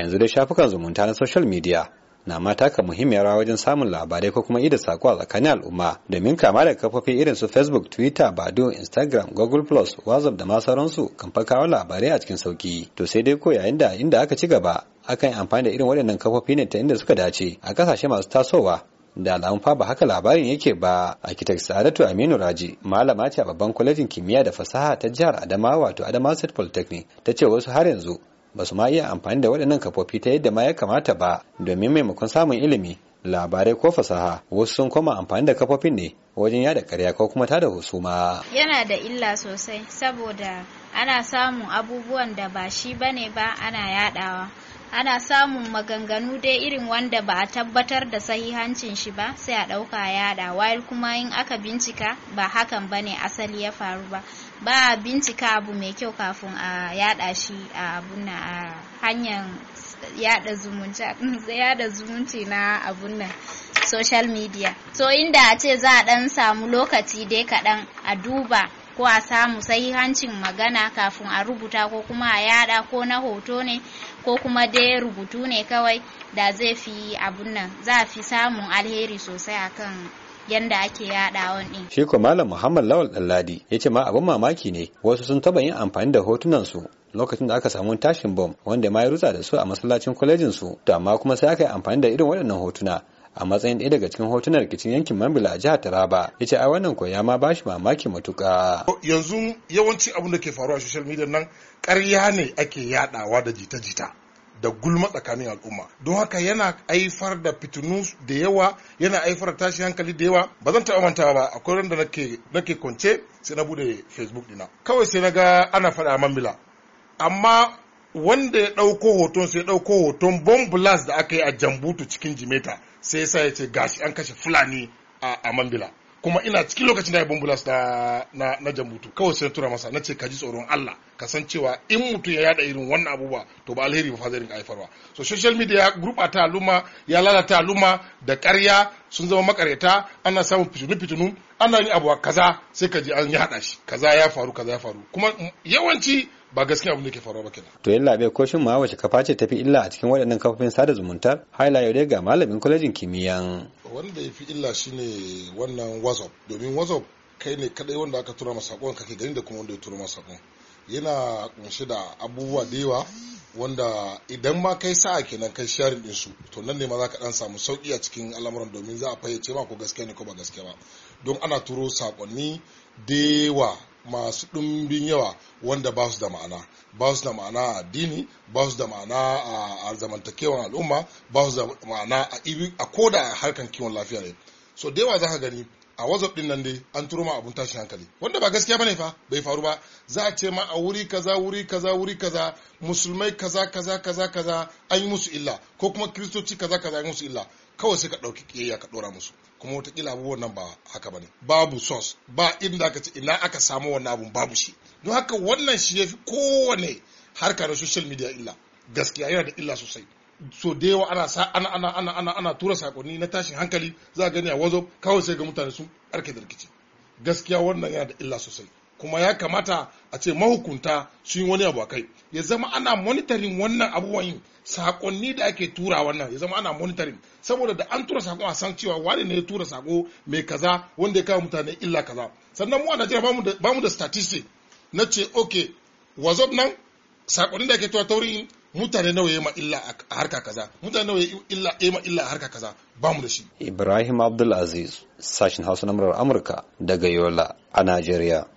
yanzu dai shafukan zumunta na social media na ma taka muhimmiyar rawa wajen samun labarai ko kuma ida sako a tsakanin al'umma domin kama da kafofi irin su facebook twitter bado instagram google plus whatsapp da ma kan fa kawo labarai a cikin sauki to sai dai ko yayin da inda aka ci gaba akan yi amfani da irin waɗannan kafofi ne ta inda suka dace a kasashe masu tasowa da alamun fa ba haka labarin yake ba architect sadatu aminu raji malama ce a babban kwalejin kimiyya da fasaha ta jihar adamawa wato adamawa state polytechnic ta ce wasu har yanzu ba su ma iya amfani da waɗannan kafofi ta yadda ma ya kamata ba domin maimakon samun ilimi labarai ko fasaha wasu sun koma amfani da kafofin ne wajen yada karya ko kuma tada husuma yana da illa sosai saboda ana samun abubuwan da ba shi bane ba ana yadawa ana samun maganganu dai irin wanda ba a tabbatar da sahihancin shi ba sai a ɗauka yada wayar kuma in aka bincika ba hakan bane asali ya faru ba ba bincika abu mai kyau kafin a yada shi a abun nan a hanyar yada zumunci na abun nan social media so inda a ce za a dan samu lokaci dai kaɗan a duba ko a samu sai sahihancin magana kafin a rubuta ko kuma a yada ko na hoto ne ko kuma dai rubutu ne kawai da zai fi abun nan za a fi samun alheri sosai akan yanda ake yaɗawan din. Shi Malam Muhammad Lawal Dalladi ya ce ma abin mamaki ne wasu sun taba yin amfani da hotunan su lokacin da aka samu tashin bom wanda ma ya rutsa da su a masallacin kwalejin su to amma kuma sai aka yi amfani da irin waɗannan hotuna a matsayin ɗaya daga cikin hotunan rikicin yankin Mambila a jihar Taraba ya ce a wannan ko ya ma bashi mamaki matuƙa. Yanzu yawanci abin da ke faruwa a social media nan ƙarya ne ake yaɗawa da jita-jita. da gulma tsakanin al'umma don haka yana aifar da fitinu da yawa yana aifar da tashin hankali da yawa ba zan taɓa mantawa ba akwai ran da nake kwance sai na bude facebook dina kawai sai na ga ana faɗa mambila amma wanda ya ɗauko hoton sai ɗauko hoton bomb blast da aka yi a jambutu cikin jimeta sai ya sa ya ce gashi an kashe fulani a, a mambila kuma ina cikin lokacin da ya bambulas na na, na jambutu kawai sai na tura masa na ce ka ji tsoron Allah ka san cewa in mutum ya yada irin wannan abubuwa to ba alheri ba fa zai haifarwa so social media ya ta luma, ya lalata luma, da karya sun zama makaryata ana samun fitinu-fitinu ana yin abuwa kaza sai ka ji an yi haɗa shi kaza ya faru kaza ya faru kuma yawanci ba gaskiya abin da ke faruwa ba kenan to yalla bai ko shin ma wace kafa ce tafi illa a cikin waɗannan kafofin sada zumunta haila yau ga malamin kwalejin kimiyyan wanda ya fi illa shine wannan whatsapp domin whatsapp kai ne kadai wanda aka tura masa sakon kake gani da kuma wanda ya tura masa sakon yana kunshe da abubuwa da yawa wanda idan ma kai sa'a kenan kai sharing din su to nan ne ma zaka dan samu sauki a cikin al'amuran domin za a fayyace ma ko gaskiya ne ko ba gaskiya ba don ana turo sakonni dewa masu ɗumbin yawa wanda ba su da ma'ana ba su da ma'ana a addini ba su da ma'ana a zamantakewan al'umma ba su da ma'ana a koda harkan kiwon lafiya ne so da yawa za ka gani a whatsapp din nan dai an turo ma abun tashin hankali wanda ba gaskiya bane fa bai faru ba za a ce ma a wuri kaza wuri kaza wuri kaza musulmai kaza kaza kaza kaza an yi musu illa ko kuma kristoci kaza kaza an yi musu illa kawai sai ka ɗauki kiyayya ka ɗora musu kuma watakila abubuwan nan ba haka bane babu source ba inda aka ce ina aka samu wannan abun babu shi don haka wannan shi ya fi kowane harka na social media illa gaskiya yana da illa sosai so da yawa ana sa ana ana ana ana ana tura sakonni na tashin hankali za a gani a wazo kawai sai ga mutane su. arke da rikici gaskiya wannan yana da illa sosai kuma ya kamata a ce mahukunta sun wani abu kai ya zama ana monitoring wannan abubuwan sakonni da ake tura wannan ya zama ana monitoring saboda da an tura sakon a san cewa wani ne ya tura sako mai kaza wanda ya kawo mutane illa kaza sannan mu a Najeriya ba mu da statistics na ce okay wazo nan sakonni da ake tura ta mutane nawa yi ma illa a harka kaza mutane nawa ya yi ma illa a harka kaza ba mu da shi Ibrahim abdulaziz sashen sashin Hausa na murar Amurka daga Yola a Najeriya